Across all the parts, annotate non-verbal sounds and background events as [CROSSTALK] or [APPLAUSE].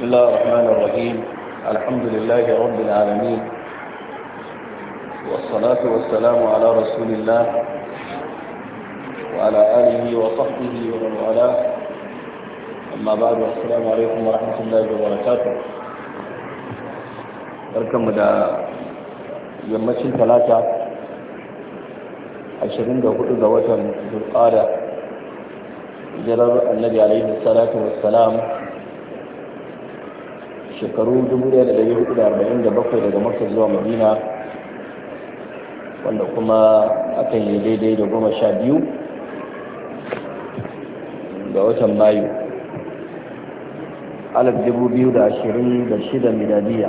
بسم الله الرحمن الرحيم الحمد لله رب العالمين والصلاة والسلام على رسول الله وعلى آله وصحبه ومن والاه أما بعد السلام عليكم ورحمة الله وبركاته بركم دا يمشي ثلاثة عشرين دا قلت دا وطن ذو القادة جرر النبي عليه الصلاة والسلام shekaru 1447 daga makka zuwa madina wanda kuma akan yi daidai da goma sha biyu ga watan mayu alif dubu biyu da ashirin da shida miladiya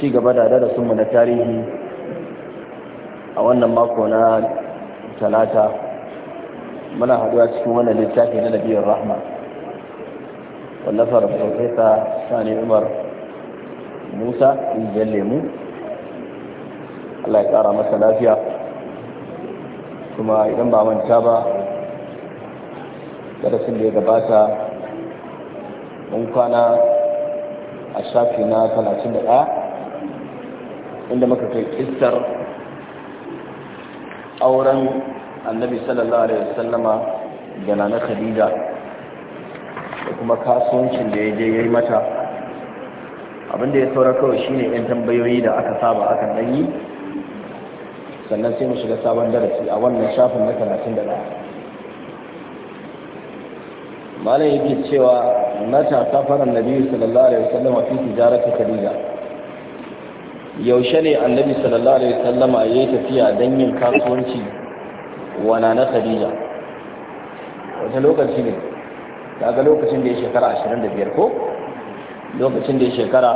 ci gaba da darasinmu na tarihi a wannan mako na talata muna haɗuwa cikin wannan littafi na nabiyar rahma wallafar profesa sani umar musa ƙungiyar lemu allah ya kara masa lafiya kuma idan ba manta ba darasin da ya gabata mun kwana a shafi na 31 inda muka kai kistar auren annabi sallallahu alaihi wasallama da na khadija da kuma kasuwancin da ya je ya yi mata abinda ya saura kawai shine yan tambayoyi da aka saba aka ɗan yi sannan sai mu shiga sabon darasi a wannan shafin na talatin da ɗaya malam yake cewa mata safaran nabi sallallahu alaihi wasallam fi tijarati khadija yaushe ne annabi sallallahu alaihi wasallam ya yi tafiya don yin kasuwanci wana na khadija wata lokaci ne daga lokacin da ya shekara 25 ko lokacin da ya shekara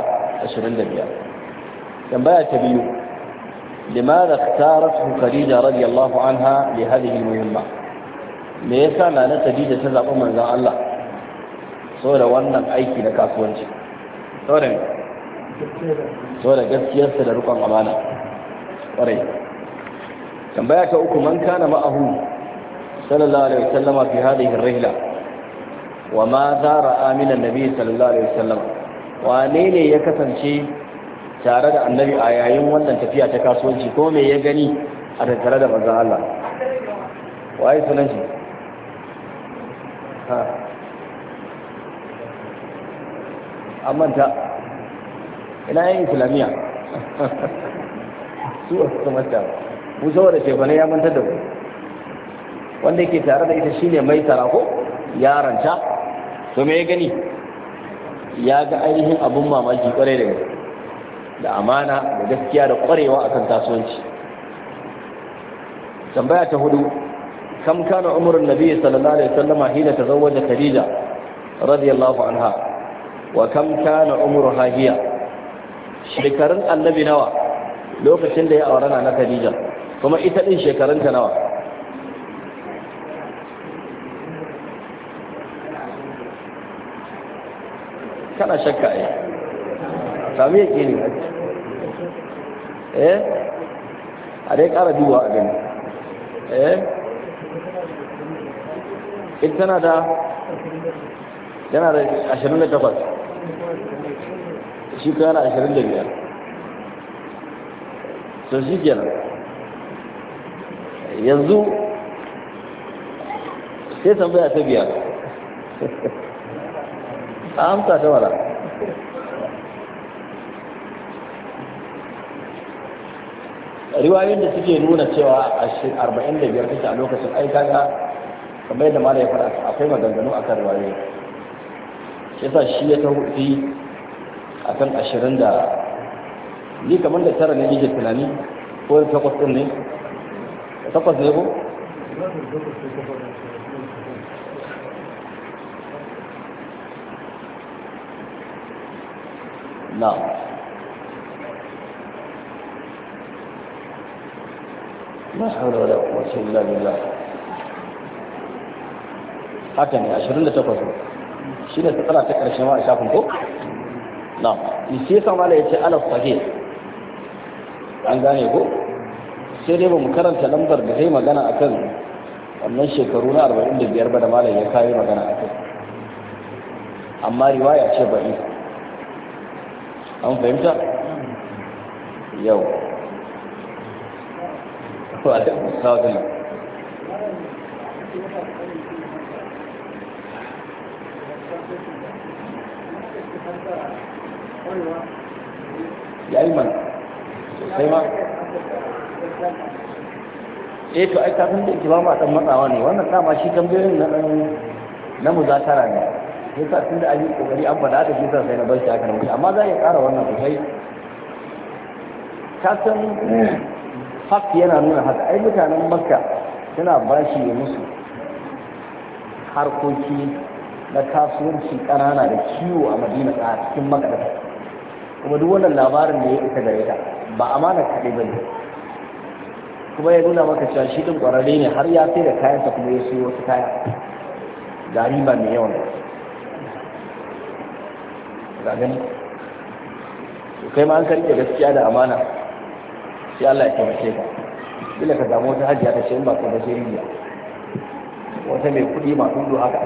25 tambaya ta biyu limadha ikhtaratu khadija radiyallahu anha li hadhihi muhimma me yasa nana khadija ta zaɓi manzon Allah saboda wannan aiki na kasuwanci saboda saboda gaskiyarsa da rukun amana ƙwarai tambaya ta uku man kana ma'ahu sallallahu alaihi wasallama fi hadhihi ar-rihla wa ma zara aminan nabi sallallahu alaihi wasallam wane ne ya kasance tare da annabi a yayin wannan tafiya ta kasuwanci ko me ya gani a tattare da manzon Allah waye sunan shi ha amanta ina yin islamiya [LAUGHS] su wasu mata mu saboda shekwane ya mantar da ku? wanda yake tare da ita shine mai tara ko yaranta to me ya gani ya ga ainihin abun mamaki kwarai da da amana da gaskiya da kwarewa akan kasuwanci tambaya ta hudu kam kana umrun nabi sallallahu alaihi wasallam hina da khadija radiyallahu anha wa kam kana umruha hiya shekarun annabi nawa lokacin da ya aure na khadija kuma ita din shekarunta nawa kana shakka ai sami yake ne ba eh a dai kara duwa a gani eh ita tana da yana da 28 shi ka yana 25 so shi kenan yanzu sai tambaya ta biyar [LAUGHS] a amsa ta wala. riwayoyin da suke nuna cewa a 45 kusa a lokacin ai kaga kamar yadda ya fara akwai maganganu a kan riwayoyi shi yasa shi ya a akan 20 da ni kamar da tara ne nake tunani ko takwas ɗin ne takwas ne ko na na haula wala quwwata illa billah haka ne 28 shine tsara ta karshe ma a shafin ko na sai sa mala yace ala sahih an gane ko sai dai ba mu karanta lambar da zai magana akan wannan shekaru na 45 ba da malam ya kayi magana akan amma riwaya ce ba'i an fahimta yau ya yi mana sai ma eh to ai kafin da ikilama dan matsawa ne wannan dama shi tambayoyin na mu za muzakara ne yasa tun da an yi kokari an faɗa da shi sai na bar shi haka amma za ya ƙara wannan sosai ka san hak yana nuna haka ai mutanen makka suna bashi ya musu harkoki na kasuwanci ƙanana da ciwo a madina a cikin makka kuma duk wannan labarin da ya isa gare ba amana kaɗai ba ne kuma ya nuna maka cewa shi ɗin ƙwararre ne har ya sai da kayansa kuma ya siyo wasu kaya gari ba mai yawan gani to kai ma an ka gaskiya da amana sai Allah ya tabbace ka kila ka damu wata hajiya ta ce in ba ka da sai riya wata mai kuɗi ma dudu haka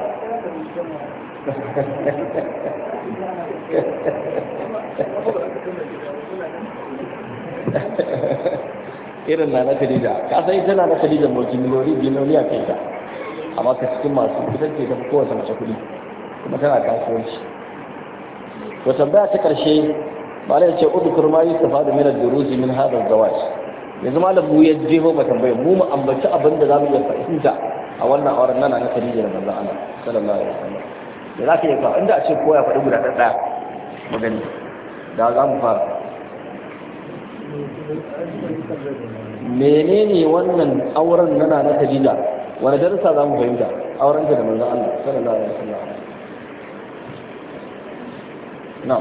irin na na Khadija ka san ita na na Khadija mu jimilori jimilori a kai ta amma ka cikin masu ita ke ta fi kowace mace kuɗi kuma tana kasuwanci to tambaya ta karshe malai ce udkur ma yustafadu min ad-durusi min hadha az-zawaj yanzu malam mu ya jefo ba mu mu ambaci abin da zamu iya fahimta a wannan auren nan na Khadija da manzon Allah sallallahu alaihi wasallam da za ka yi fa inda a ce koya faɗi guda ɗaya mu da za mu fara menene wannan auren nana na Khadija wani darussa za mu fahimta auren da manzon Allah sallallahu alaihi wasallam na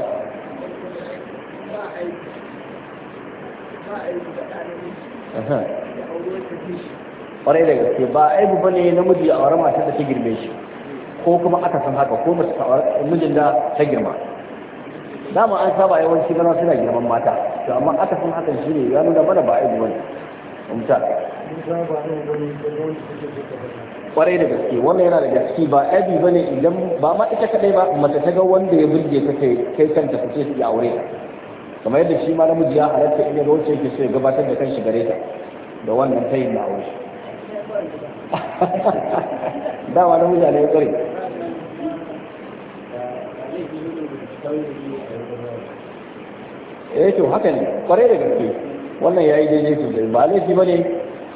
ƙwarai da gaske ba aibu ba ne namiji a wara matar da ta girme shi ko kuma aka san haka ko mace mijin da ta girma dama an saba yawanci gano suna girman mata to amma aka san hakan shi ne ya nuna mana ba aibu ba ne insha kwarai da gaske wannan yana da gaske ba abi bane idan ba ma ita kadai ba mace ta ga wanda ya burge ta kai kai kanta ta ce su aure kamar yadda shi ma namiji ya halatta in ya ga wacce yake so ya gabatar da kanshi gare ta da wannan ta na aure [LAUGHS] dama namiji ne ya tsare eh to haka ne kwarai da gaske wannan ya yi daidai sosai ba laifi ba ne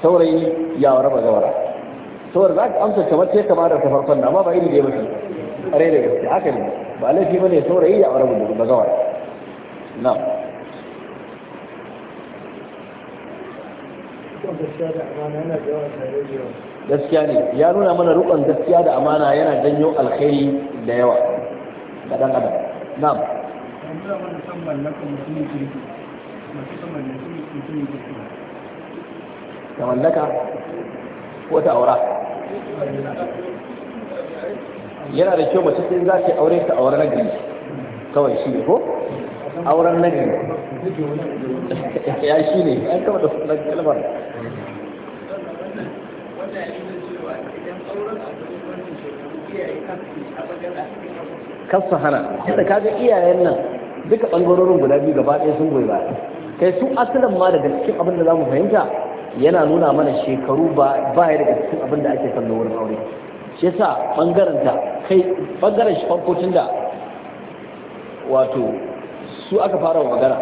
saurayi ya wara ba gawara saboda za ka amsa kamar sai kama da farkon na amma ba iri da ya mutu rai da gaske haka ne ba laifi ba ne saurayi ya wara ba gawara na gaskiya ne ya nuna mana rukun gaskiya da amana yana janyo alkhairi da yawa ga dan adam na'am musamman na mutumin kirki ta mallaka ko ta aura yana da kyau mace sai za ta aure ta aure na gari kawai shi ne ko auren na gari [LAUGHS] ya shi ne ya kama da sunan kalmar kasu hana inda kaga iyayen nan duka ɓangarorin guda biyu gaba ɗaya sun goyi ba. kai su asalin ma daga cikin abin da za mu fahimta yana nuna mana shekaru ba ba ya daga cikin abin da ake kallo wurin aure shi yasa bangaren ta kai bangaren shi farko da wato su aka fara magana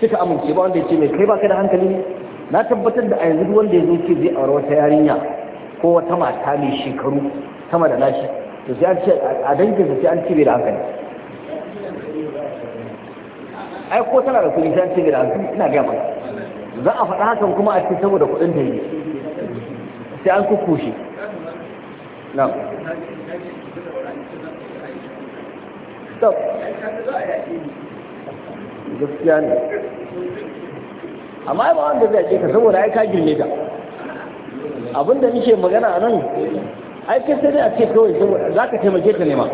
suka amince ba wanda ya ce mai kai ba kai da hankali ne na tabbatar da a yanzu duk wanda ya zo ce zai aure wata yarinya ko wata mata mai shekaru sama da nashi to sai an ce a dangin sai an ce bai da hankali ai ko tana da kuɗi ta ce da azumi ina gaya maka za a faɗa hakan kuma a cikin saboda kuɗin ta yi sai an kukkushe na stop gaskiya ne amma ba wanda zai ce ka saboda ai ka girme ta abinda nake magana a nan ai sai dai a ce kawai saboda za ka taimake ta nema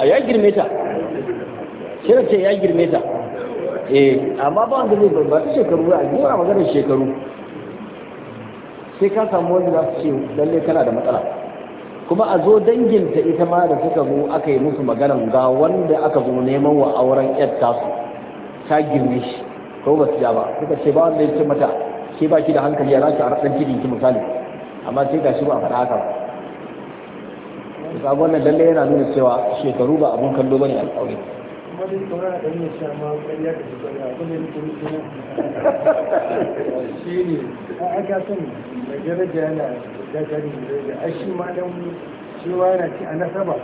a ya girme ta shi ce ya girme ta eh amma ba wanda zai ba ta shekaru a a maganar shekaru sai ka samu wani za su ce lalle kana da matsala kuma a zo danginta ita ma da suka zo aka yi musu maganar ga wanda aka zo neman wa auren yar tasu ta girme shi ko ba su ja ba suka ce ba wanda ya ce mata ke ba ki da hankali ya za ki a raɗan ki misali amma sai ga shi ba a faɗa haka ba sabon nan lalle yana nuna cewa shekaru ba abun kallo ba a aure wajen ɗan a shi ne a aka sani da daraja yana da gari da ashi ma dan cewa yana ci a nasaba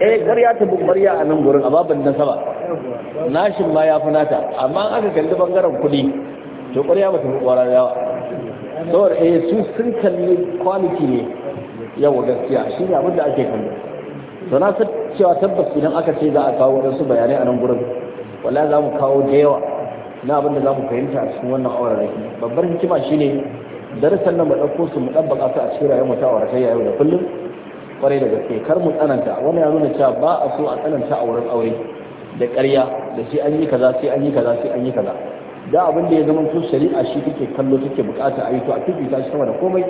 eh ƙarya ta bin ƙarya a nan gurin a babin nasaba nashin ma ya fi nata amma aka kalli bangaren kuɗi to ƙarya ba ta fi ƙwarar yawa saboda eh su sun kalli kwaliti ne yawa gaskiya shi ne abin da ake kalli sana cewa tabbas idan aka ce za a kawo wadansu bayanai a nan gurin wallahi za mu kawo da yawa na abin da za mu fahimta a cikin wannan auraraki babbar hikima shine darasan nan mu ɗauko su mu ɗabbaka su a cikin rayuwar mu ta ta yau da kullum kwarai da gaske kar mu tsananta wannan ya nuna cewa ba a so a tsananta a wurin aure da ƙarya da sai an yi kaza sai an yi kaza sai an yi kaza da abin da ya zama tun shari'a shi take kallo take bukata a yi to a fifita shi sama da komai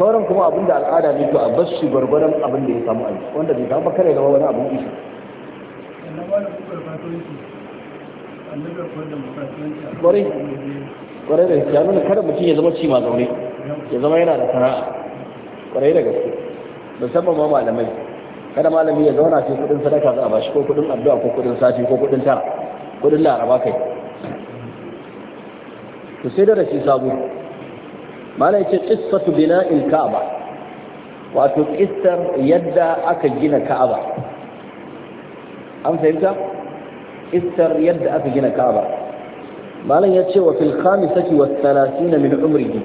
sauran kuma abin da al'ada ne to a bar shi gwargwaron abin da ya samu a wanda bai samu bakare gaba wani abin isa kwarai kwarai da ya nuna kada mutum ya zama cima zaune ya zama yana da sana'a kwarai da gaske musamman ma malamai kada malami ya zauna sai kudin sadaka za a bashi ko kudin addu'a ko kudin sati ko kudin tara kudin laraba kai to sai da rashin sabo malai ce qissatu bina'il ka'aba wato qissar yadda aka gina ka'aba an fahimta qissar yadda aka gina ka'aba malai ya ce wa saki khamisati was 30 min umrihi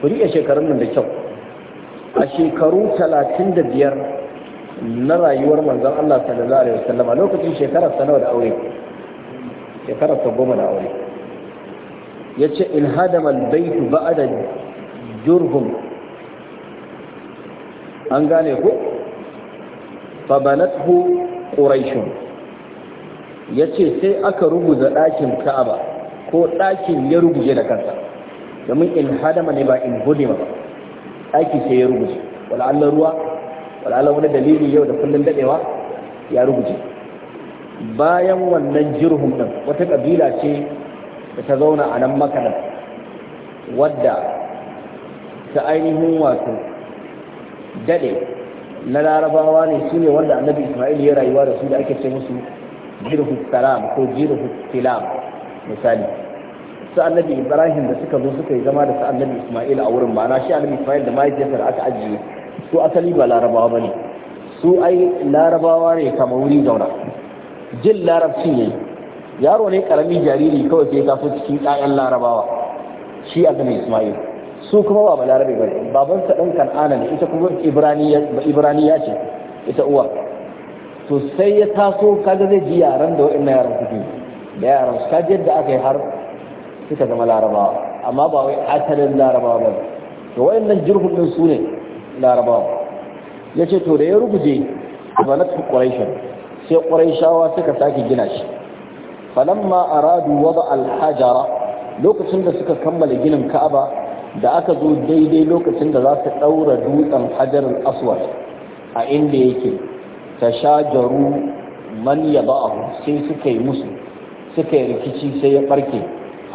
ku riƙe shekarun nan da kyau a shekaru talatin da biyar na rayuwar manzon Allah sallallahu alaihi wasallam lokacin shekarar sa nawa da aure shekarar sa goma da aure yace in hadama albayt ba'da jurhum an gane ko fa banathu quraish yace sai aka rubuta ɗakin ka'aba ko ɗakin ya rubuce da kansa domin in hadama ne ba in hudima ba ɗaki sai ya rubuce wala ruwa wala wani dalili yau da kullun dadewa ya rubuce bayan wannan jirhum din wata kabila ce da ta zauna a nan makarar wadda ta ainihin wato daɗe na larabawa ne su ne wanda annabi ismail ya rayuwa da su da ake ce musu jirhu salam ko jirhu tilam misali su annabi ibrahim da suka zo suka yi zama da su annabi ismail a wurin ma'ana shi annabi ismail da mahaifiyarsa da aka ajiye su asali ba larabawa ba ne su ai larabawa ne kama wuri zauna jin larabci ne yaro ne karamin jariri kawai sai taso cikin ƴaƴan larabawa shi annabi isma'il su kuma ba balarabe ba babansa ɗan kan'ana ne ita kuma ibraniya ce ita uwa to sai ya taso kaga zai ji yaran da waɗannan yaran kuɗi da yaran su kaji yadda aka yi har suka zama larabawa amma ba wai asalin larabawa ba to waɗannan jirgin ɗin su ne larabawa ya ce to da ya ruguje ba na ƙwarai sai ƙwarai shawa suka sake gina shi falamma aradu wada alhajara lokacin da suka kammala ginin ka'aba da aka zo daidai lokacin da za su daura dutsen hajarin aswad a inda yake tashajaru man yaba'ahu sai suka yi musu suka yi rikici sai ya barke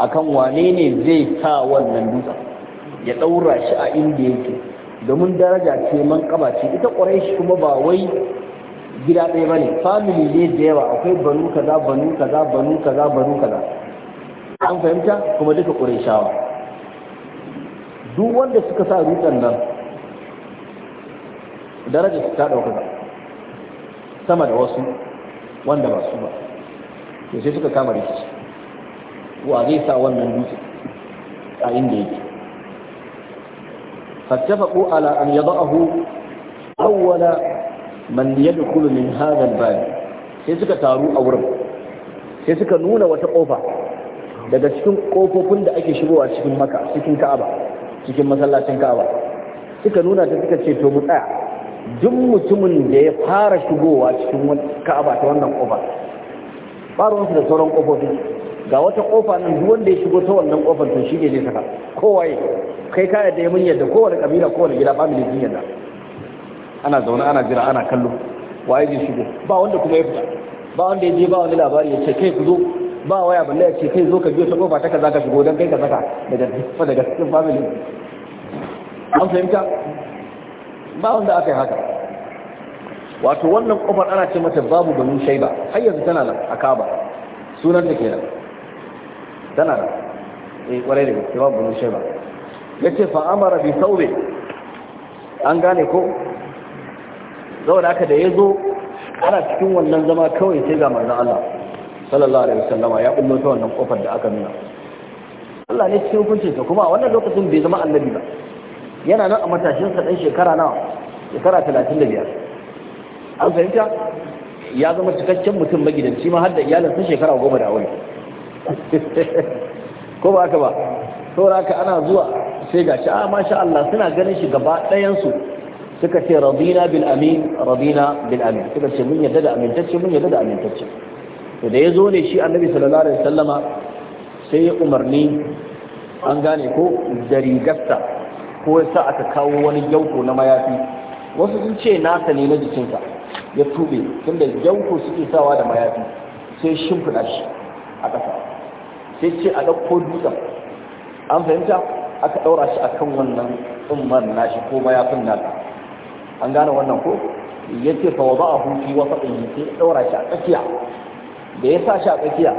akan wane ne zai sa wannan dutsen ya daura shi a inda yake domin daraja ce man kaba ce ita ƙwarai kuma ba wai gida ɗaya ba ne, family ne da yawa akwai banu kaza banu kaza banu kaza banu kaza an fahimta kuma duka ƙureshawa duk wanda suka sa rutan nan daraja su ta ɗaukaka sama da wasu wanda ba su ba sai suka kama rikici wa zai sa wannan dutse a inda yake fattafaqu ala an yada'ahu awwala man yadkhulu min hadha al-bab sai suka taru a wurin sai suka nuna wata kofa daga cikin kofofin da ake shigowa cikin maka cikin ka'aba cikin masallacin ka'aba suka nuna ta suka ce to mu tsaya duk mutumin da ya fara shigowa cikin ka'aba ta wannan kofa faruwar su da sauran kofofi ga wata kofa nan duk wanda ya shigo ta wannan kofar to shi ne zai saka kowaye kai ka yadda ya mun yadda kowane kabila kowane gida family din yadda ana zaune ana jira ana kallo waye shi shigo ba wanda kuma ya fita ba wanda ya je ba wani labari ya ce kai ku zo ba waya balle ya ce kai zo ka biyo ta kofa ta kaza ka shigo don kai ka saka daga fa daga cikin family an fahimta ba wanda aka yi haka wato wannan kofar ana ce mata babu banu shaiba har yanzu tana nan a kaba sunan da kenan tana nan eh kwarai da gaske babu banu shaiba yace fa amara bi saube an gane ko zaune aka da ya zo ana cikin wannan zama kawai sai ga manzan Allah sallallahu alaihi wasallama ya kullo ta wannan kofar da aka nuna Allah ne cikin hukuncin sa kuma a wannan lokacin bai zama annabi ba yana nan a matashin sa dan shekara nawa shekara 35 an fahimta ya zama cikakken mutum magidanci ma har da iyalinsa shekara goma da aure [LAUGHS] ko ba haka ba saboda ana zuwa sai shi a ah, masha Allah suna ganin shi gaba ɗayan su suka ce radina bil amin radina bil amin suka ce mun yadda da amintacce mun yadda da amintacce to da ya zo ne shi annabi sallallahu alaihi wasallama sai ya umarni an gane ko da ko ya sa aka kawo wani gyauko na mayafi wasu sun ce nasa ne na jikinsa ya tube tunda gyauko suke sawa da mayafi sai shimfiɗa shi a ƙasa sai ce a ɗauko dutsen an fahimta aka ɗaura shi akan wannan tsumman nashi ko mayafin nasa an gane wannan ko yace fa wada'ahu fi wasatihi sai daura shi a tsakiya da ya sa shi a tsakiya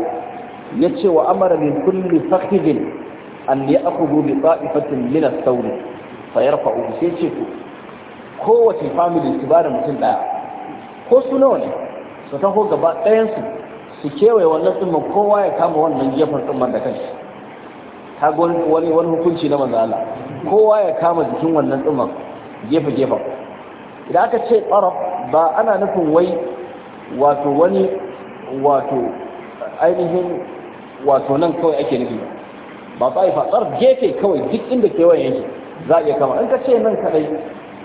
yace wa amara min kulli fakhidin an ya'khudhu bi ta'ifatin min as sauri fa yarfa'u sai ce ko kowace family su ba da mutum ɗaya. ko su nawa ne su taho gaba ɗayansu su su kewaye wannan tsumman kowa ya kama wannan gefen tsumman da kanshi ta wani wani hukunci na manzala kowa ya kama jikin wannan tsumman gefe gefen idan aka ce tsaraf ba ana nufin wai wato wani wato ainihin wato nan kawai ake nufi ba ba tsa'ifa tsaraf gefe kawai duk inda kewayen yake za a iya kama in ka ce nan kadai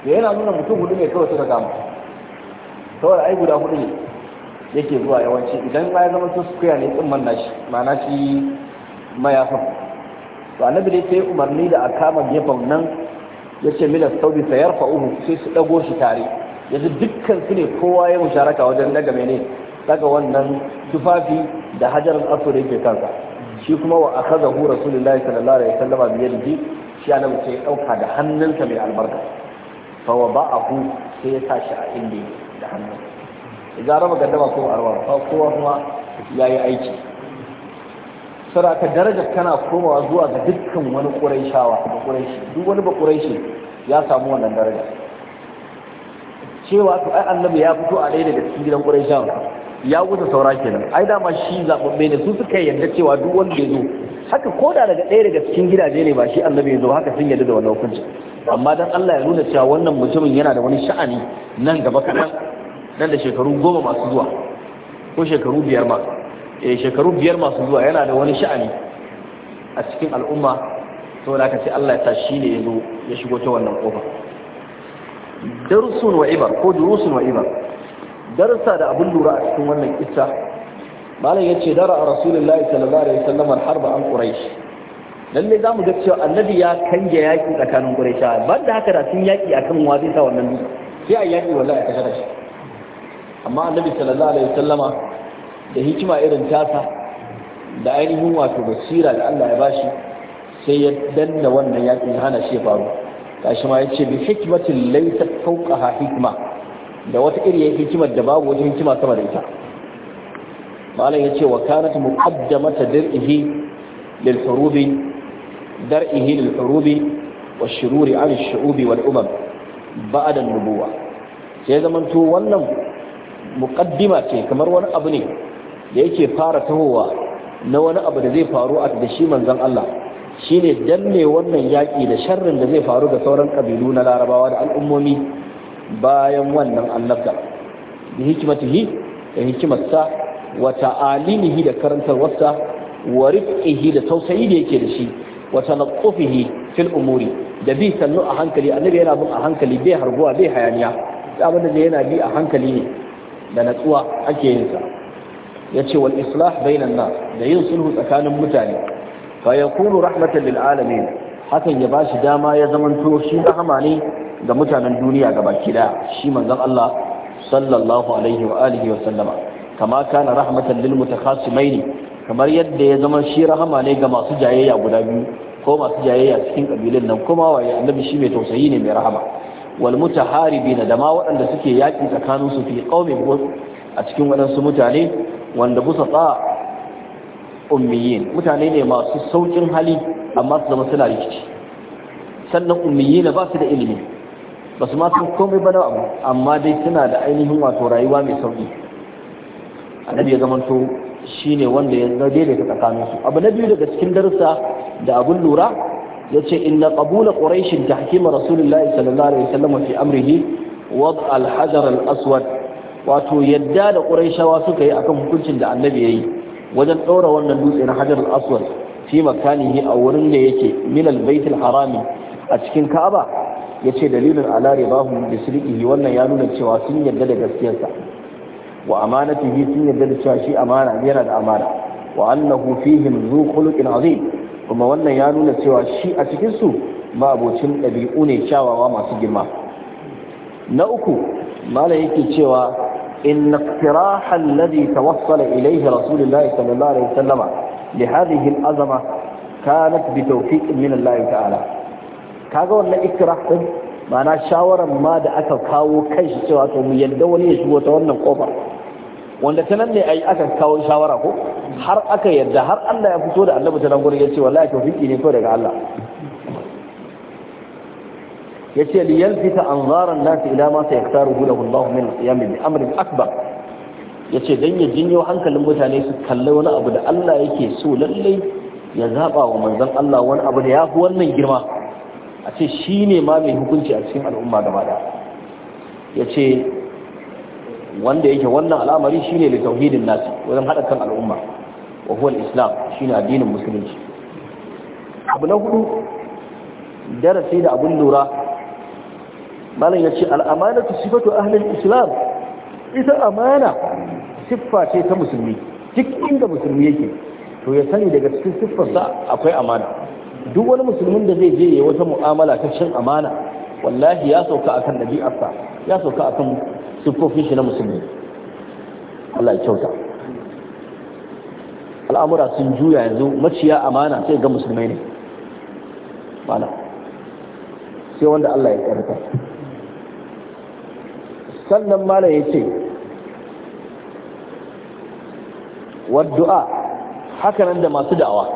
da yana nuna mutum hudu ne kawai suka kama kawai ai guda hudu ne yake zuwa yawanci idan ma ya zama suskuya ne tsin man nashi ma'ana shi mayafin to annabi dai sai umarni da a kama gefen nan ya ce milas saudi sayar fa'uhu sai su ɗago shi tare yanzu dukkan su ne kowa ya musharaka wajen daga mene daga wannan tufafi da hajarar da yake kansa shi kuma wa akaza hu rasulullahi sallallahu alaihi wasallama bi ji shi ana mace ya ɗauka da hannunsa mai albarka fa wa ba'ahu sai ya tashi a inda da hannu idan raba gaddama ko arwa kowa kuma ya yi aiki saboda aka daraja kana komawa zuwa ga dukkan wani ƙuraishawa da ƙuraishi duk wani ba ƙuraishi ya samu wannan daraja cewa to ai annabi ya fito a daidai da cikin gidan ƙuraishawa ya wuce saura kenan ai dama shi zaɓaɓɓe ne su suka yarda cewa duk wanda ya zo haka ko da daga ɗaya daga cikin gidaje ne ba shi annabi ya zo haka sun yarda da wannan hukunci amma dan Allah ya nuna cewa wannan mutumin yana da wani sha'ani nan gaba kaɗan nan da shekaru goma masu zuwa ko shekaru biyar ma E, shekaru biyar masu zuwa yana da wani sha'ani a cikin al'umma da aka ce Allah ya sa shi ne ya zo ya shigo ta wannan kofa darusun wa ibar ko durusun wa ibar darsa da abin lura a cikin wannan kissa malam yace dara a rasulullahi sallallahu alaihi wasallam harba an quraish lalle zamu ga cewa annabi ya kanje yaki tsakanin quraisha banda haka da sun yaki akan wa zai sa wannan dutse sai a yaki wallahi a kashe shi amma annabi sallallahu alaihi wasallama da hikima irin tasa da ainihin wato basira da Allah ya bashi sai ya danna wannan yakin hana shi faru kashi ma yace bi hikmatin laysa ha hikima, da wata iri ya hikimar da babu wata hikima sama da ita malam ya ce wa kanat muqaddamata dir'ihi lil hurubi dar'ihi lil hurubi washururi an ash-shu'ubi wal umam ba'da an-nubuwa sai zamanto wannan muqaddima ce kamar wani abu ne da yake fara tahowa na wani abu da zai faru a da shi manzon Allah shine danne wannan yaƙi da sharrin da zai faru ga sauran ƙabilu na larabawa da al'ummomi bayan wannan annabta bi hikimatihi da hikimarsa wa ta'alimihi da karantarwarsa wa rifqihi da tausayi da yake da shi wa tanaqqufihi fil umuri da bi sannu a hankali annabi yana bin a hankali bai harguwa bai hayaniya abin da yana bi a hankali ne da natsuwa ake yin sa Ya ce wal islah bainan na da yin sulhu tsakanin mutane fa yakunu rahmatan lil alamin hakan ya bashi dama ya zamanto shi rahama ne ga mutanen duniya baki daya shi manzon Allah sallallahu alaihi wa alihi wa sallama kama kana rahmatan lil mutakhasimain kamar yadda ya zama shi rahama ne ga masu jayayya guda biyu ko masu jayayya cikin kabilan nan kuma waye annabi shi mai tausayi ne mai rahama wal mutaharibin da ma waɗanda suke yaki tsakanin su fi qaumin a cikin waɗansu mutane wanda sa ummiyin mutane ne masu saukin hali amma su zama suna rikici sannan ummiyin ba su da ilimi ba su masu komai ba abu amma dai suna da ainihin wato rayuwa mai sauki annabi ya zamanto shine wanda ya daidaita tsakanin su abu na biyu daga cikin darussa da abun lura ya ce inna qabula quraish tahkim rasulullahi sallallahu alaihi wasallam fi amrihi wad al hajar al aswad wato yadda da ƙurayshawa suka yi akan hukuncin da annabi ya yi wajen ɗora wannan dutse na hajar al-aswad fi makanihi a wurin da yake minal al-baitul harami a cikin ka'aba yace dalilin ala ribahum da sirrihi wannan ya nuna cewa sun yadda da gaskiyarsa wa amanatihi sun yadda da cewa shi amana yana da amana wa annahu fihim zu khuluqin azim kuma wannan ya nuna cewa shi a cikin su ma'abocin ɗabi'u ne kyawawa masu girma na uku mala yake cewa in iqtiraha alladhi tawassala ilayhi rasulullahi sallallahu alaihi wasallama li hadhihi azama kanat bi tawfiq min Allah ta'ala kaga wannan iqtirah din ma'ana shawaran ma da aka kawo kai cewa to mu yadda wani ya shigo ta wannan kofa wanda ta nan ne ai aka kawo shawara ko har aka yadda har Allah ya fito da annabi ta nan gurin ya ce wallahi tawfiki ne ko daga Allah Ya fita an yalfita anzaran nas ila ma sayaktaruhu lahu Allah min al bi amrin akbar yace dan ya jinyo hankalin mutane su kalle wani abu da Allah yake so lalle ya zaba wa manzon Allah wani abu da yafi wannan girma a ce shine ma mai hukunci a cikin al'umma gaba da ce, wanda yake wannan al'amari shine li tauhidin nas wajen hada kan al'umma wa huwa al-islam shine addinin musulunci abu na hudu darasi da abun lura malam ya ce al'amanatu sifatu ahlin islam ita amana siffa ce ta musulmi duk inda musulmi yake to ya sani daga cikin siffarsa akwai amana duk wani musulmin da zai je ya wata mu'amala ta shan amana wallahi ya sauka akan ɗabi'arsa ya sauka akan siffofin shi na musulmi Allah ya kyauta al'amura sun juya yanzu maciya amana sai ga musulmai ne sai wanda Allah ya karanta sannan mala ya ce wadda'a hakanan da masu da'awa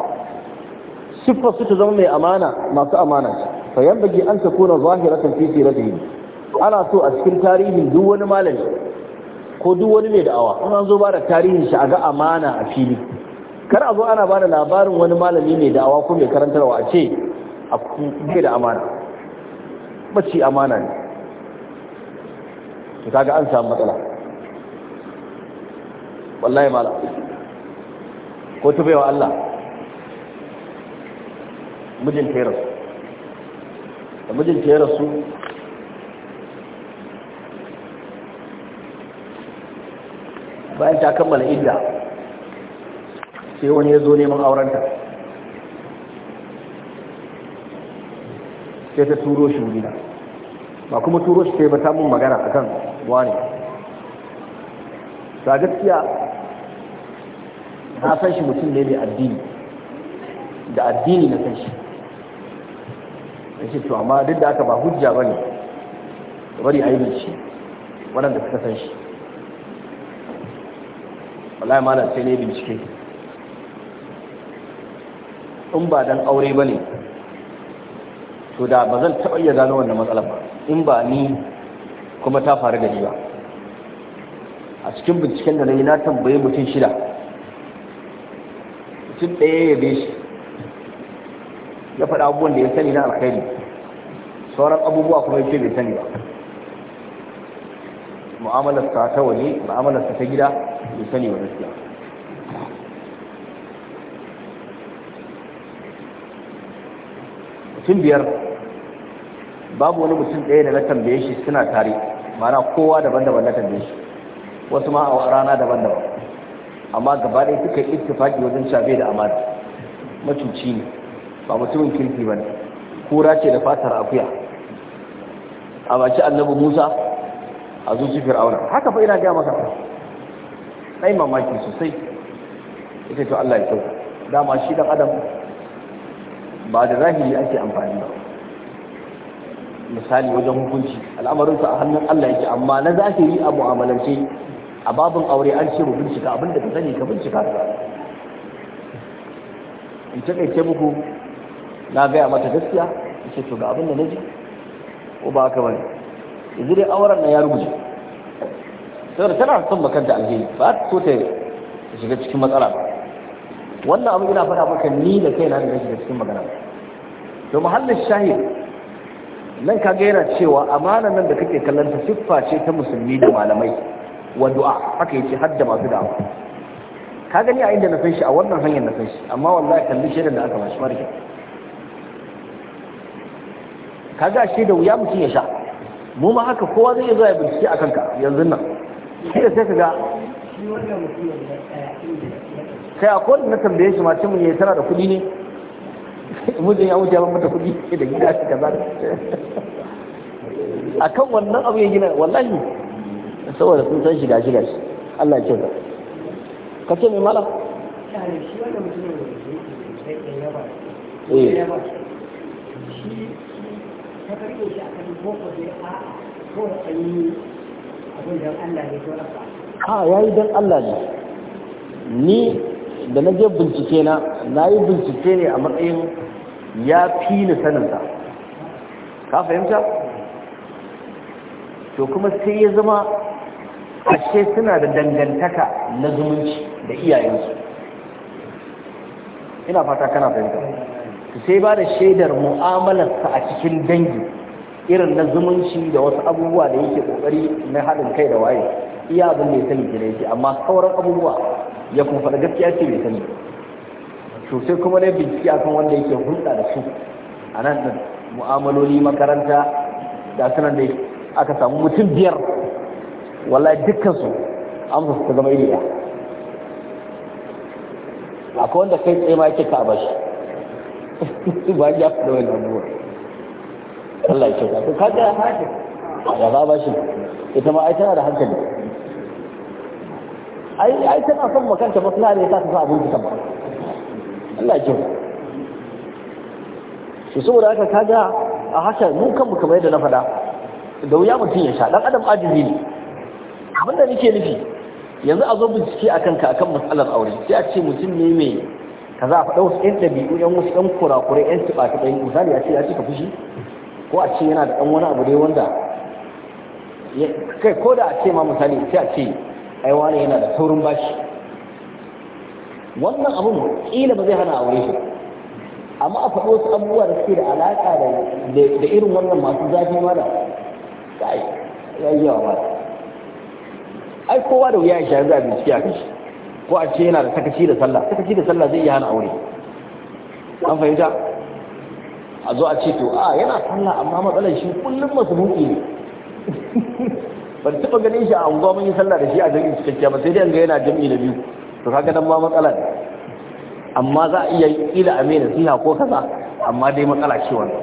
siffar su ta zama mai amana masu amana fa yan ji an takuna zahiratan fi yi. ana so a cikin tarihin duk wani malami ko duk wani mai da'awa in an zo ba da tarihin shi a ga amana a fili kar a zo ana ba da labarin wani malami mai da'awa ko mai karantarwa a ce a da amana ci amana ne ta kaga an samu matsala wallahi mala ko ta baiwa Allah mijinta ya rasu da mijinta ya rasu bayan ta kammala idda sai wani ya zo neman aurenta sai ta turo shi wurina ba kuma turo shi sai ba samun magana akan wani ta gaskiya na san shi mutum ne mai addini da addini na san shi shi ce to amma duk da aka ba hujja ba ne bari a yi shi, waɗanda suka san shi wallahi malam sai ne bincike in ba dan aure ba ne to da ba zan taɓa iya gano wannan matsalar ba in ba ni kuma ta faru da ba a cikin binciken da na yi na tambaye mutum shida mutum ɗaya ya be shi ya faɗa abubuwan da ya sani na alkhairi sauran abubuwa kuma ya ce bai sani ba mu'amalarsa ta waje mu'amalarsa ta gida bai sani wa gaskiya mutum biyar babu wani mutum ɗaya da na tambaye shi suna tare mana kowa daban-daban na tambaye shi wasu ma a rana daban-daban amma gaba ɗaya suka yi faɗi wajen shafe da amana Macuci ne ba mutumin kirki ba ne kura ce da fatar akuya a baki annabi musa a zuci fir'auna haka fa ina gaya maka ɗai mamaki sosai ita to allah ya kyau dama shi dan adam ba da zahiri ake amfani ba misali wajen hukunci al'amarin su a hannun Allah yake amma na zahiri a mu'amalance a babin aure an ce mu bincika abinda ka sani ka bincika ka in ta kaice muku na gaya mata gaskiya in ce to ga abin da na naji ko ba haka bane yanzu dai auren na ya rubuce saboda tana son makanta alheri ba ta so ta shiga cikin matsala ba wannan abu ina faɗa maka ni da kaina da shiga cikin magana to mahallin shahid nan kaga yana cewa amana nan da kake kallon ta siffa ce ta musulmi da malamai wa du'a haka yake har da masu da'awa ka gani a inda na san shi a wannan hanyar na san shi amma wallahi kalli shaidan da aka bashi marke ga shi da wuya mutum ya sha mu ma haka kowa zai zo ya bincike akan ka yanzu nan sai ka ga. kai a kowane na tambaye shi ma cin mu yayi tana da kuɗi ne [LAUGHS] mutum ya wuce mata kuɗi da gida ka kaza a kan wannan abu ya gina wallahi saboda sun san shiga shiga shi Allah ya ba. ka ce mai malam eh ya yi don Allah ne ni da na je bincike na na yi bincike ne a matsayin ya fi ni saninsa ka fahimta to kuma sai ya zama ashe suna da dangantaka na zumunci da iyayensu ina fata kana fahimta sai ba da shaidar mu'amalarsa a cikin dangi irin na zumunci da wasu abubuwa da yake kokari na haɗin kai da waye iya abin da ya sani yake, amma sauran abubuwa ya kuma faɗa gaskiya ce bai sani to sai kuma na bincike akan wanda yake hulɗa da su a nan ɗin mu'amaloli makaranta da sunan da aka samu mutum biyar wallahi dukkansu amsa su ta zama iri ɗaya akwai wanda kai tsaye ma yake ka bashi [LAUGHS] ba ya fi da wani abubuwa Allah ya kyauta to kaga ya ba bashi ita ma ai tana da hankali ai ai tana son makanta maslaha ne ta sa abin ta ba Allah jin su saboda haka kaga a haka mu kanmu kamar yadda na faɗa da wuya mutum ya sha dan adam ajizi ne abin da nake nufi yanzu a zo bincike a kanka akan matsalar aure sai a ce mutum ne mai kaza a faɗa wasu ɗan ɗabi'u ɗan wasu ɗan kurakurai ɗan ta ɗan misali a ce ya cika fushi ko a ce yana da ɗan wani abu dai wanda kai ko da a ce ma misali sai a ce ai wani yana da saurin bashi wannan abun ƙila ba zai hana aure shi amma a faɗo wasu abubuwa da suke da alaƙa da irin wannan masu zafi ma da ya yi yawa ba ai kowa da wuya ya shayar da bincike a kashi ko a ce yana da sakaci da sallah sakaci da sallah zai iya hana aure an fahimta a zo a ce to a ah, yana sallah amma matsalar shi kullum masu muki ne [LAUGHS] ban taɓa ganin shi a unguwa mun yi sallah da shi a jami'in cikakkiya ba sai dai an ga yana jami'i na biyu to kaga dan ma matsala ne amma za a iya ila a mai nasiha ko kaza amma dai matsala ce wannan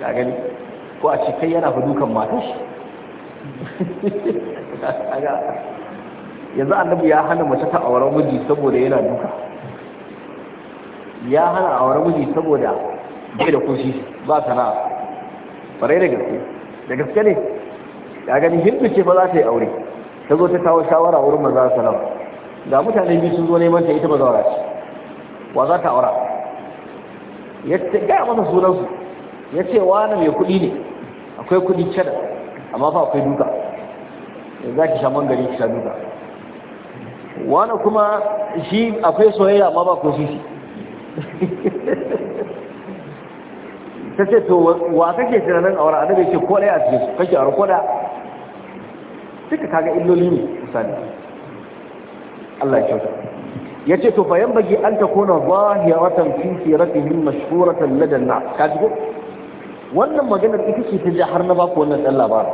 ka gani ko a ce kai yana fa dukan matar shi [LAUGHS] yanzu annabi ya hana mace ta auren miji saboda yana duka ya hana auren miji saboda bai da kushi ba sana'a farai da gaske da gaske ne ya gani hindu ce ba za ta yi aure ta zo ta kawo shawara wurin maza salama ga mutane biyu sun zo neman ta ita ba zaura ce wa za ta aura ya ce ga masa sunansu ya ce wani mai kuɗi ne akwai kuɗi cada amma fa akwai duka eh, za ki sha gari ki sha duka wani kuma shi akwai soyayya amma ba ko sisi [LAUGHS] ta ce to wa kake tunanin aure a daga ce ko a cikin kake aure ko da duka kaga illoli ne misali Allah ya kyauta yace to fa yanbaghi an takuna zahiratan fi siratihim mashhuratan lada an-nas kaji ko wannan maganar ita ce ta ji har na baku wannan dan ba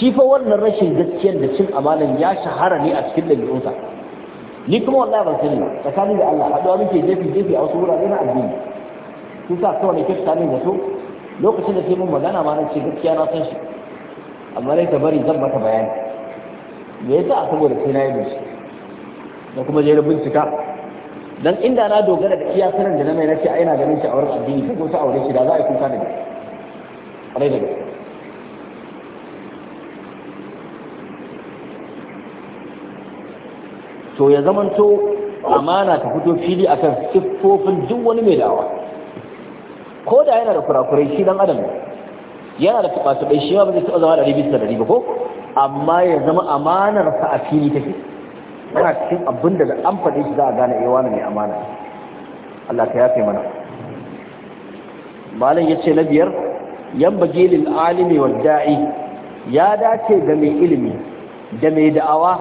shi fa wannan rashin gaskiyar da cin amanan ya shahara ne a cikin dabi'unsa ni kuma wallahi ban sani tsakanin da Allah haɗuwa muke jefi jefi a wasu wurare na addini sun sa kawai ne kyauta ne da lokacin da sai mun magana ma na ce gaskiya na san shi amma ta bari zan mata bayani me yasa saboda sai na yi bincike da kuma jere bincika dan inda na dogara da iya da na mai nace ai na ganin shi a wurin addini ko ta aure shi da za a yi kuka da ƙwarai da gaske to ya zamanto amana ta fito fili akan siffofin duk wani mai dawa ko da yana da kurakurai shi dan adam yana da tuba tuba shi ma ba zai taba zama da ribi da ribi ko amma ya zama amanar sa a fili take yana cikin abin da an faɗi za a gane ewa eh, ne amana Allah ka yafe mana malam ya ce na biyar yan bage lil alimi wa da'i ya dace ga mai ilimi da mai da'awa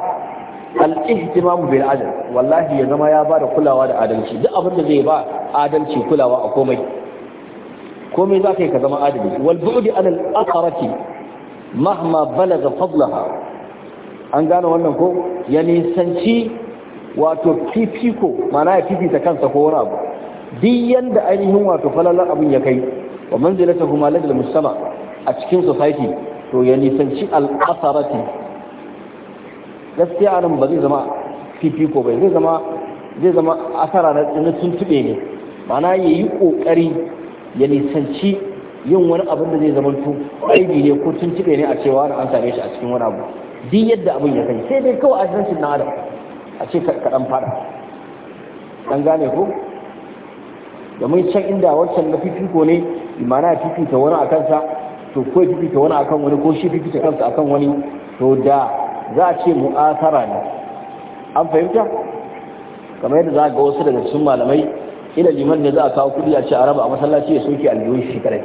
al-ihtimamu bil adal. wallahi ya zama ya bada kulawa da adalci duk abin da zai ba adalci kulawa a komai komai za ka yi ka zama adali wal bu'di anil akharati mahma balaga fadlaha an gane wannan ko ya nisanci wato fifiko mana ya fifita kansa ko wani abu duk yanda ainihin wato falalar abin ya kai wa manzilata kuma ladal musama a cikin society to ya nisanci al'asarati gaskiya nan ba zai zama fifiko bai zai zama zai zama asara na tuntube ne mana ya yi kokari ya nisanci yin wani abin da zai zama to ne ko tuntube ne a cewa an same shi a cikin wani abu duk yadda abin ya kai sai dai kawai ashirancin na adam a ce kaɗan fara ɗan gane ko mun can inda wancan na fifiko ne imana fifita wani a kansa to ko fifita wani akan wani ko shi fifita kansa akan wani to da za a ce mu'asara ne an fahimta kamar yadda za ga wasu daga cikin malamai ila liman ne za a kawo kudi a ce a raba a masallaci ya soke aljihun shi kadai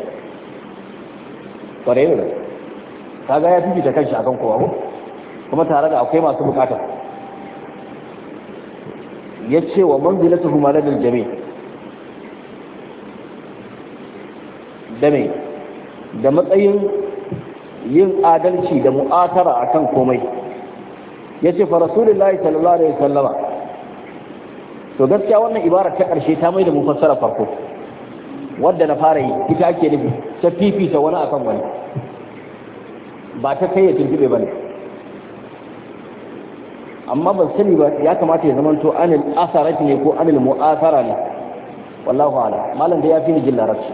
kwarai ne ga ya fifita kanshi akan kowa ko kuma tare da akwai masu bukata ya ce wa manzilatu humaradar jami Dame da matsayin yin adalci da mu'atara akan komai ya ce fa rasulullahi sallallahu alaihi sallama. to gaskiya wannan ibara ta karshe ta mai da mu fassara farko wadda na fara yi ita ake nufi ta fifita wani akan wani ba ta kai ya tuntube ba ne amma ban sani ba ya kamata ya zamanto anil asarat ne ko anil mu'asara ne wallahu ala malam da ya fi jin larabci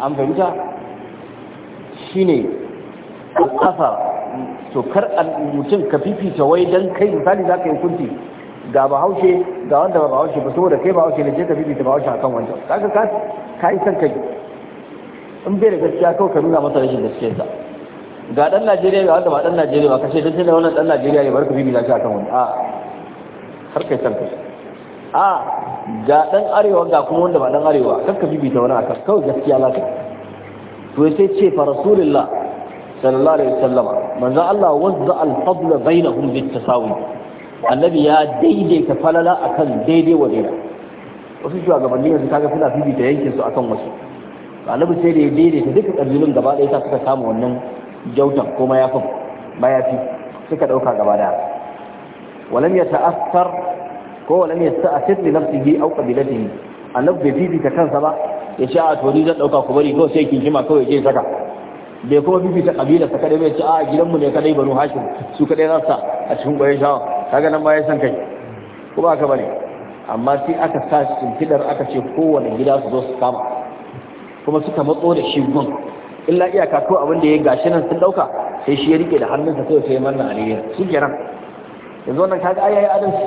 an fahimta shine al'asar to kar mutum ka fifita wai dan kai misali za ka yi hukunci ga bahaushe ga wanda ba bahaushe ba saboda kai ba bahaushe ne je ka fifita ba bahaushe akan wancan kaga ka ka yi san kai in bai da gaskiya kawai ka nuna masa rashin gaskiyarsa ga dan Najeriya ga wanda ba dan Najeriya ba kashe dace da wannan dan Najeriya ne barka bibi lafiya kan wani a har kai san kai a ga dan arewa ga kuma wanda ba dan arewa kakka bibi ta wani aka kawai gaskiya lafiya to sai ce fa rasulullah sallallahu alaihi wasallama manzo Allah wazza al-fadl bainahum bit-tasawi annabi ya daidaita falala akan daidai wa daidai wasu shugabanni yanzu kaga suna ta yankin su akan wasu annabi sai da ya daidaita duka kabilun gaba ɗaya ta suka samu wannan jautan ko mayafin mayafi suka ɗauka gaba da walam ya ta'assar ko walam ya ta'assir li nafsihi aw qabilatihi annabi bai fifita kansa ba ya sha a ni zan ɗauka ku bari ko sai kin jima kawai je saka bai kuma fifita kabila sa kadai bai ce a gidanmu ne kadai banu hashim su kadai za sa a cikin ƙwayar shawa kaga nan ma ya san kai ko ba ka amma sai aka sa shi aka ce kowane gida su zo su kama kuma suka matso da shi gun illa iyaka ko abin da ya gashi nan sun dauka sai shi ya rike da hannunsa sai ta manna aliyar shi kenan yanzu wannan kaga ai yayi adalci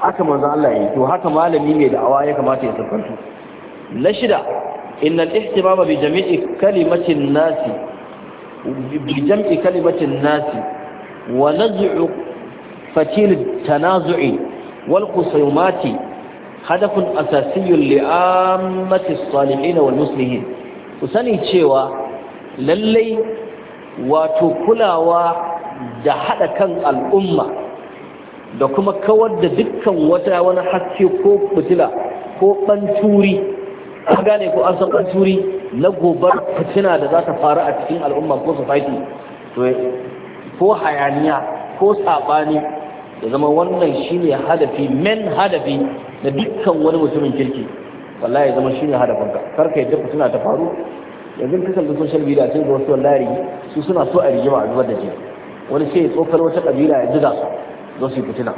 haka manzo Allah yi to haka malami mai da'awa ya kamata ya tabbatar na shida innal ihtimama bi jami'i kalimatin nasi bi jam'i kalimatin nasi wa naz'u fatil tanazu'i wal qusumati hadafun asasiyyun li'ammati as-salihin wal muslimin ku sani cewa lallai wato kulawa da haɗa kan al'umma da kuma kawar da dukkan wata wani haske ko fitila ko ɓanturi a gane ko an san ɓanturi na gobar fitina da za ta faru a cikin al'umma ko society ko hayaniya ko saɓani da zama wannan ne hadafi men hadafi na dukkan wani mutumin kirki wallahi zama shine hadafinka karka yadda fitina ta faru yanzu ka kalli social media sai ga wasu wallahi su suna so a rigima a zubar da jini wani sai ya tsokar wata kabila ya jiga su zo su yi fitina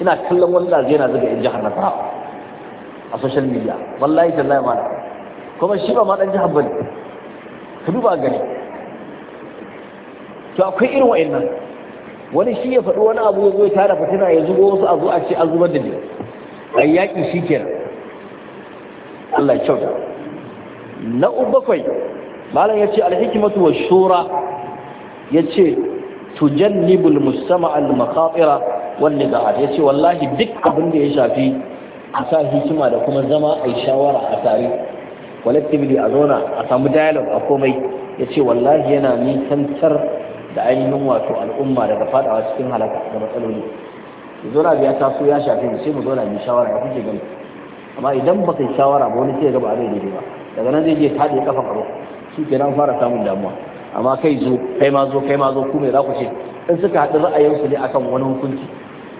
ina kallon wani da yana na zuga yan jihar nasara a social media wallahi tallahi mana. kuma shi ba ma dan jihar bane ka duba gani to akwai irin wa'annan wani shi ya faɗi wani abu ya zo ya tara fitina ya zubo wasu abu a ce an zubar da jini a yaƙi shi kenan Allah ya kyauta na bakwai malam yace al-hikmatu wash-shura yace tujannibul mustama' al-maqatira wan nidahat yace wallahi duk abin da ya shafi a sa hikima da kuma zama ai shawara a tare collectively a zona a samu dialogue a komai yace wallahi yana nisantar da ainihin wato al'umma daga fadawa cikin halaka da matsaloli zona biya so ya shafi mu sai mu zona mu shawara ya kuke gani amma idan baka shawara ba wani sai ya gaba abin daidai ba daga nan zai je taɗe kafan aro shi ke nan fara samun damuwa amma kai zo kai ma zo kai ma zo ku me za ku ce in suka haɗu ra'ayinsu ne akan wani hukunci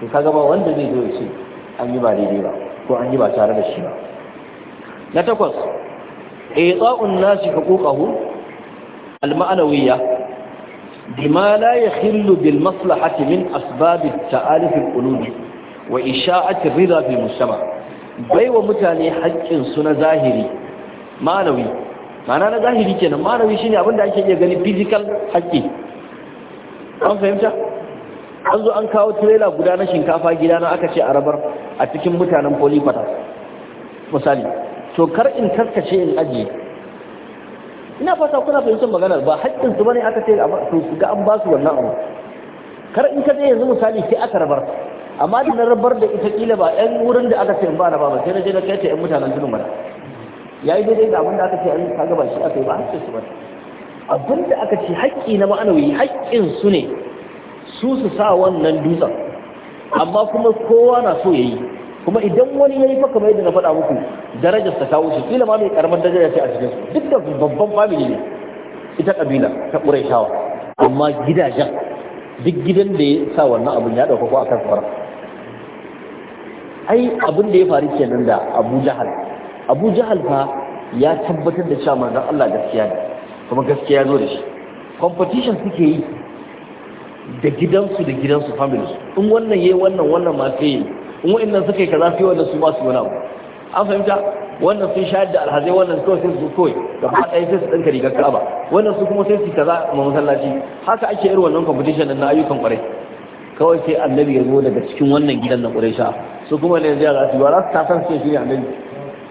to kaga ba wanda zai zo ya ce an yi ba daidai ba ko an yi ba tare da shi ba na takwas itsa'un nasi huquqahu al-ma'nawiyya bima la yakhillu bil maslahati min asbab at-ta'aluf al wa isha ar-ridha bil baiwa mutane haƙƙin su na zahiri ma'anawi ma'ana na zahiri kenan ma'anawi shine abin da ake iya gani physical haƙƙi an fahimta an zo an kawo trailer guda na shinkafa gida na aka ce a rabar a cikin mutanen polypata misali to kar in taskace in ajiye ina fata kuna fahimtar maganar ba haƙƙin su bane aka ce su ga an ba su wannan abu kar in ka je yanzu misali sai aka rabar amma da na rabar da ita kila ba 'yan wurin da aka ce in ba na ba sai na je na kai ta 'yan mutanen tudun mana ya yi daidai da abinda aka ce an kaga ba shi aka yi ba haƙƙin su ba abinda da aka ce haƙƙi na ma'anawi haƙƙin su ne su su sa wannan dutsen amma kuma kowa na so ya yi kuma idan wani ya yi fa kamar yadda na faɗa muku darajar ta kawo shi kila ma mai karamar daraja ce a cikin su duk da babban family ne ita kabila ta ƙuraishawa amma gidajen duk gidan da ya sa wannan abin ya ɗauka ko akan fara ai abin da ya faru kenan da Abu Jahal abu jahal fa ya tabbatar da cewa manzon Allah gaskiya ne kuma gaskiya zo da shi competition suke yi da gidansu da gidansu families in wannan yayi wannan wannan ma sai yi in wa'annan suka yi kaza sai wannan su ba su wani abu an fahimta wannan sun shayar da alhazai wannan kawai sai su kawai gaba ɗaya sai su ɗinka rigar ba wannan su kuma sai su kaza ma masallaci haka ake irin wannan competition na ayyukan kwarai kawai sai annabi ya zo daga cikin wannan gidan na sha. su kuma ne zai ga su ba za su tasan sai shi ne annabi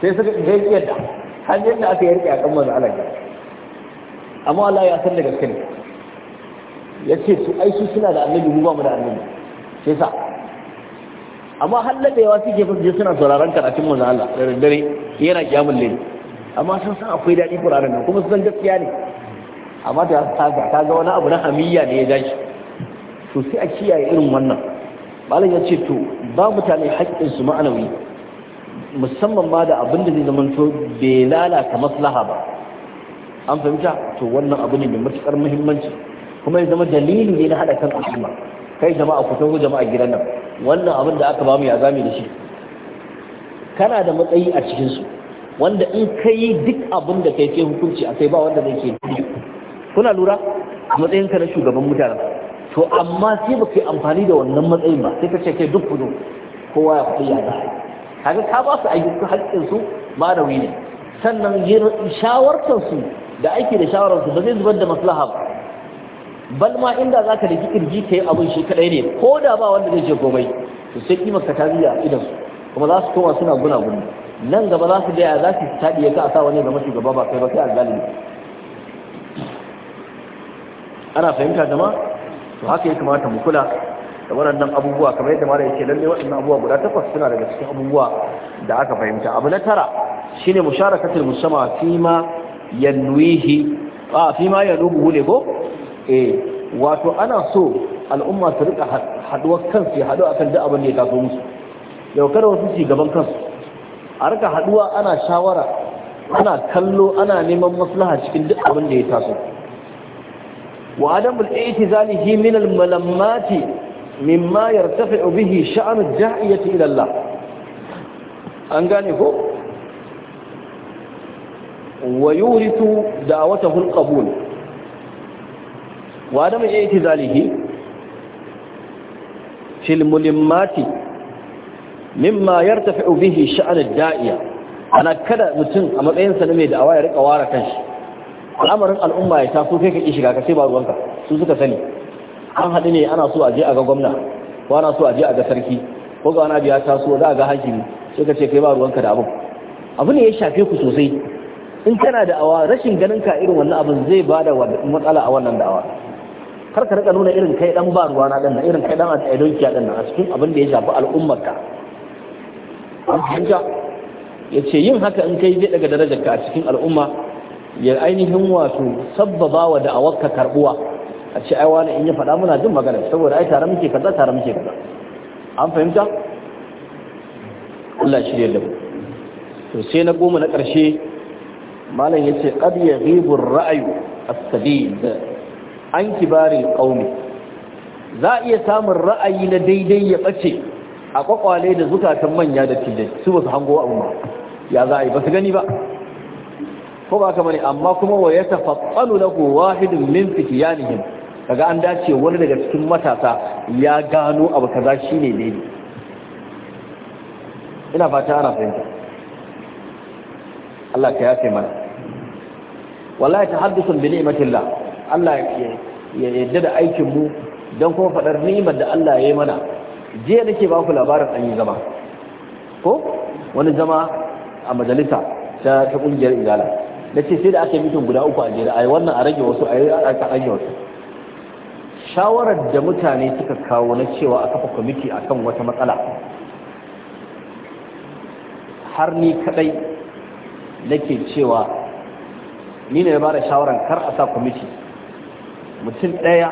sai suka sai yadda har yadda aka yarki a kanmu manzo Allah amma Allah ya san da gaske ne yace su ai su suna da annabi mu ba mu da annabi sai sa amma halladewa suke fa suna sauraron karatun manzo Allah da daddare yana kiyamul layl amma sun san akwai dadi Qur'anin nan kuma sun gaskiya ne amma da ta ga wani abu na hamiyya ne ya dace to sai a kiyaye irin wannan malam ya ce to ba mutane haƙƙinsu ma'anawi musamman ma da abin da zai zamanto bai lalata maslaha ba an fahimta to wannan abu ne mai matukar muhimmanci kuma ya zama dalili ne na haɗa kan al'umma kai jama'a ku taho jama'a gidan nan wannan abin da aka ba mu ya zami da shi kana da matsayi a cikin su wanda in kai duk abin da kai ke hukunci a kai ba wanda zai ke kuna lura a matsayin ka na shugaban mutane? to amma sai ba kai amfani da wannan matsayin ba sai ka ce kai duk kudu kowa ya kuɗi ya kaga ka ba su hakkin haƙƙin su ba nauyi sannan shawartar su da aiki da shawarar su ba zai zubar da maslaha ba bal ma inda zaka da kirji kai abin shi kadai ne ko da ba wanda zai je gobe to sai kimar ka idan kuma za su koma suna guna guni nan gaba za su da za su taɗi ya ka a sa wani ga mashi gaba ba kai ba kai alzalimi ana fahimta jama'a to haka ya kamata mu kula da waɗannan abubuwa kamar yadda mara yake lalle waɗannan abubuwa guda takwas suna daga cikin abubuwa da aka fahimta abu na tara shine musharakatul musama fi ma yanwihi a fi ma yanuhu ne ko eh wato ana so al'umma su rika haduwar kansu ya haɗu akan duk abin da ya taso musu yau kada wasu ci gaban kansu a rika haduwa ana shawara ana kallo ana neman maslaha cikin duk abin da ya taso wa adamul i'tizalihi min al-malamati mimma yartafi'u bihi sha'anu da'iyati ila Allah an gane ko wa yurithu da'watahu al-qabul wa adam i'tizalihi fil mulimmati mimma yartafi'u bihi sha'anu da'iya ana kada mutum a matsayinsa na mai da'awa ya rika ware kanshi al'amarin al'umma ya taso kai ka shiga ka ba ruwanka su sani an haɗu ne ana so a je a ga gwamna ko ana so a je a ga sarki ko ga wani ya taso za a ga hakimi sai ka ce kai ba ruwanka da abin abu ne ya shafe ku sosai in kana da awa rashin ganin ka irin wannan abin zai ba da matsala a wannan da'awa kar ka rika nuna irin kai dan ba ruwa na dinnan irin kai dan a donkiya dinnan a cikin abin da ya shafi al'ummar ka an hanja ya ce yin haka in kai zai daga darajar ka a cikin al'umma ya ainihin wato sabbaba wa da'awar ka karbuwa a ce ai wani in ya faɗa muna jin magana saboda ai tare muke kaza tare muke kaza an fahimta Allah shirye da mu to sai na goma na ƙarshe malam ya ce yace ya yaghibu ar a as da an kibari qaumi za a iya samun ra'ayi na daidai ya bace a kwakwale da zukatan manya da tilai su ba su hango a umma ya za a yi ba su gani ba ko ba kamar amma kuma wa ya tafattalu lahu wahidun min fitiyanihim kaga an dace wani daga cikin matasa ya gano abu kaza shine ne ina fata ana fahimta Allah ka yafe mana wallahi tahaddusun bi ni'matillah Allah ya yadda da aikin mu dan kuma fadar ni'imar da Allah ya yi mana jiya nake ba ku labarin an yi zama ko wani zama a majalisa ta kungiyar igala nace sai da aka yi mutum guda uku a jere ai wannan a rage wasu ai a rage wasu shawarar da mutane suka kawo na cewa a kafa kwamiti a kan wata matsala har ni kadai nake cewa ni ne ba da shawarar kar a sa kwamiti mutum ɗaya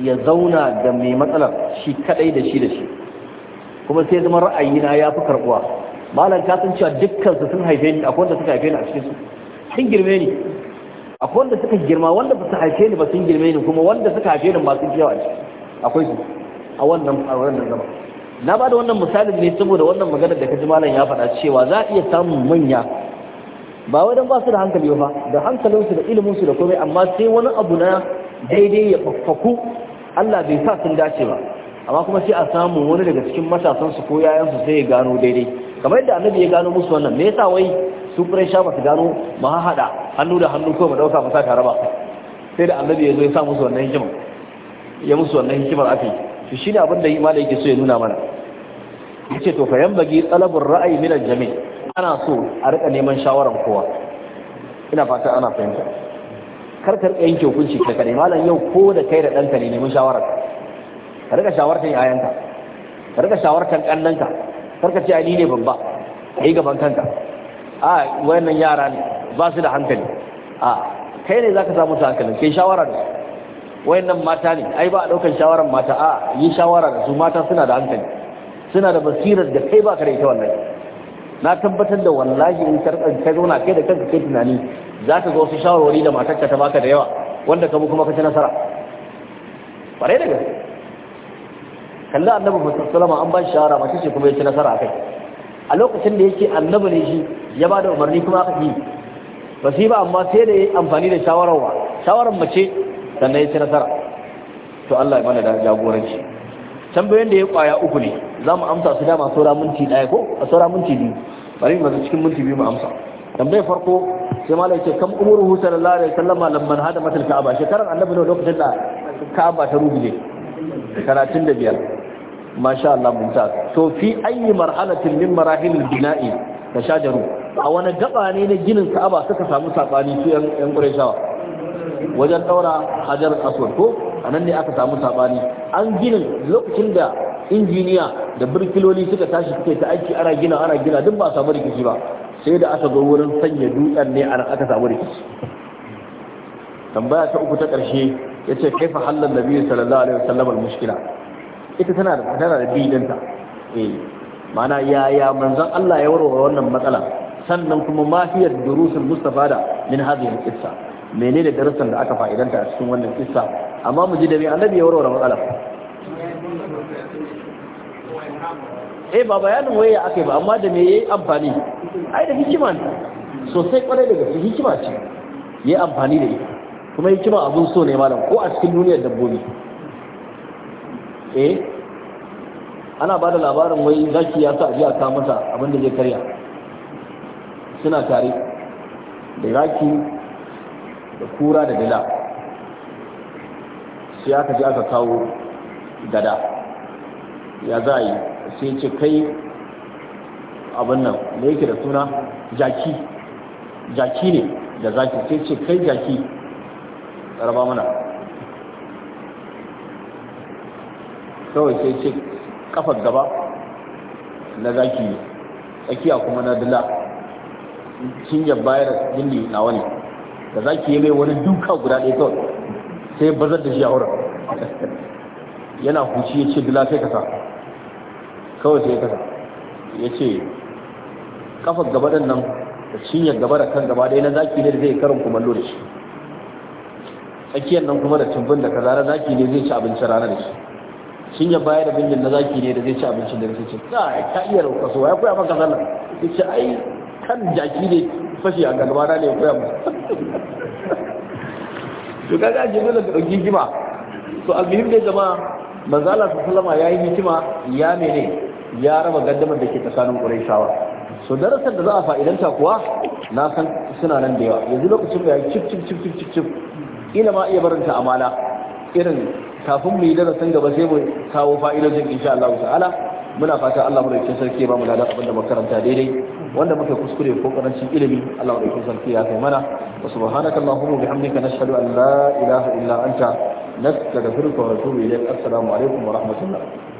ya zauna da mai matsalar shi kadai da shi da shi kuma sai zama ra'ayina ya fi karbuwa malam Kasancewa san cewa dukkansu sun haife ni akwai wanda suka haife ni a cikinsu sun girme ni akwai wanda suka girma wanda ba su haife ni ba sun girme ni kuma wanda suka haife ni ba sun fi yawa akwai su a wannan a wannan zama na ba da wannan misali ne saboda wannan maganar da kaji malam ya faɗa cewa za a iya samun manya ba wai don ba su da hankali ba da hankalin hankalinsu da su da komai amma sai wani abu na daidai ya fafaku Allah bai sa sun dace ba amma kuma sai a samu wani daga cikin matasan su ko yayansu sai ya gano daidai kamar yadda annabi ya gano musu wannan me yasa wai sun quraisha sha masu gano mu hada hannu da hannu ko mu dauka mu sa tare ba sai da annabi ya zo ya sa musu wannan hikimar ya musu wannan hikimar afi to shine abin da imani yake so ya nuna mana yace to fa yambagi talabur ra'ayi min al-jami' ana so a rika neman shawaran kowa ina fata ana fahimta kar ka rika yanke hukunci ka kare malam yau ko da kai da ɗanka ne neman shawara ka rika shawartar yayanka ka rika shawartar kannanka kar ka ce ai ni ne babba kai gaban kanka a wayannan yara ne ba su da hankali a kai ne za ka samu su hankali? ke shawara da wayannan mata ne ai ba a daukan shawaran mata a yi shawara da su mata suna da hankali suna da basirar da kai ba ka da ta wannan. na tabbatar da wallahi in karɓar ka zauna kai da kanka kai tunani za ka ga wasu shawarwari da matarka ta baka da yawa wanda ka kuma ka ci nasara ƙwarai da gaske kalli annabi salama an ba shi shawara mace ce kuma ya ci nasara a kai a lokacin da yake annaba ne shi ya ba da umarni kuma aka yi ba su yi ba amma sai da ya amfani da shawararwa shawarar mace sannan ya ci nasara to Allah ya mana da jagoranci bayan da ya kwaya uku ne za mu amsa su dama saura minti ɗaya ko a saura minti biyu bari mu cikin minti biyu mu amsa tambayar farko sai malai ce kam hu sallallahu alaihi wasallam lamman hada matal ka'aba shekaran annabi ne lokacin da ka'aba ta rubuje 35 masha Allah mumtaz to fi ayi marhalatin min marahil bina'i da shajaru a wani gaba ne na ginin Ka'aba suka samu sabani su yan yan wajen daura Hajar Aswad ko anan ne aka samu sabani an ginin lokacin da injiniya da birkiloli suka tashi suka ta aiki ana gina ana gina duk ba samu rikici ba sai da aka zo wurin sanya dutsen ne ana aka samu rikici tambaya ta uku ta ƙarshe yace kaifa halal nabi sallallahu alaihi wasallam al-mushkila ita tana da tana da bidinta eh mana yaya manzon Allah ya warware wannan matsala sannan kuma mahiyar durusul da min hadhihi al-qissa menene darasin da aka fa'idanta a cikin wannan kissa amma mu ji da mai annabi ya warware matsalar eh ba bayanin waya aka yi ba amma da me yi amfani ai da hikima ne sosai kwarai da gaske hikima ce yi amfani da ita kuma hikima abun so ne malam ko a cikin duniyar dabbobi eh ana ba da labarin wai zaki ya sa ajiya ka mata abinda zai karya suna tare da zaki da kura da dila sai aka ji aka kawo gada ya za yi sai ce kai abin nan da yake da suna jaki jaki ne da zaki sai ce kai jaki raba mana kawai sai ce kafar gaba na zaki tsakiya kuma na dila cinyar bayar gindi na wani da zaki yi mai wani duka guda ɗaya kawai sai bazar da shi a wurin yana huci ya ce dila sai kasa kawai sai kasa ya ce kafar gaba ɗin nan da cinyar gaba da kan gaba ɗaya na zaki ne da zai karin kumallo da shi tsakiyar nan kuma da tumbin da kazara zaki ne zai ci abincin rana da shi shin ya bayar abin na zaki ne da zai ci abincin da zai ci kai ta iya rauka so ya koya maka sallah ce ai kan jaki ne fashi a galba na ne koya maka [LAUGHS] to kaga a jibin da ɗauki hikima to almuhim dai jama'a manzo Allah ya yayi hikima ya mene ya raba gandamar da ke tsakanin Qurayshawa so darasin da za a fa'idanta kuwa na san suna nan da yawa yanzu lokacin da ya cif cif cif cif cif ina ma iya barinta amana. irin kafin mu yi darasin gaba sai mu kawo fa'idojin insha Allah ta'ala muna fata Allah mu rike sarki ba mu ladan abin da makaranta daidai wanda muke kuskure ko karancin ilimi Allah mu rike sarki ya kai mana wa subhanaka allahumma bihamdika nashhadu an la ilaha illa anta nastaghfiruka wa natubu ilayk assalamu alaikum wa rahmatullah